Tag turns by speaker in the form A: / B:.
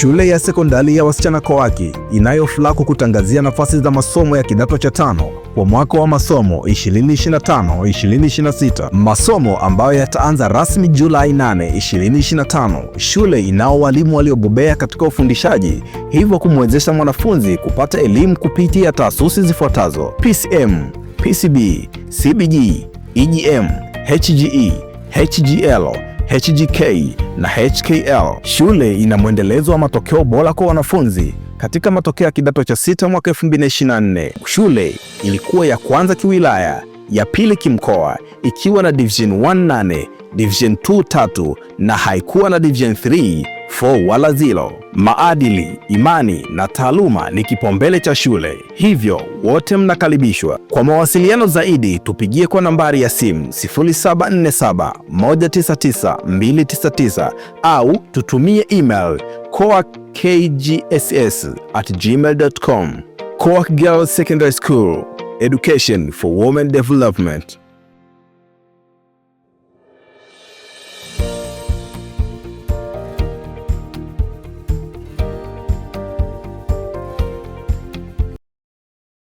A: Shule ya sekondari ya wasichana Kowaki inayo furaha kukutangazia nafasi za masomo ya kidato cha tano kwa mwaka wa masomo 2025-2026, masomo ambayo yataanza rasmi Julai 8, 2025. Shule inao walimu waliobobea katika ufundishaji, hivyo kumwezesha mwanafunzi kupata elimu kupitia taasisi zifuatazo: PCM, PCB, CBG, EGM, HGE, HGL HGK na HKL. Shule ina mwendelezo wa matokeo bora kwa wanafunzi katika matokeo ya kidato cha sita mwaka 2024. Shule ilikuwa ya kwanza kiwilaya, ya pili kimkoa, ikiwa na division 1 8, division 2 3 na haikuwa na division 3 4 wala zilo. Maadili, imani na taaluma ni kipaumbele cha shule, hivyo wote mnakaribishwa. Kwa mawasiliano zaidi tupigie kwa nambari ya simu 0747199299 au tutumie email coakgss@gmail.com. Coak Girls Secondary School, education for women development.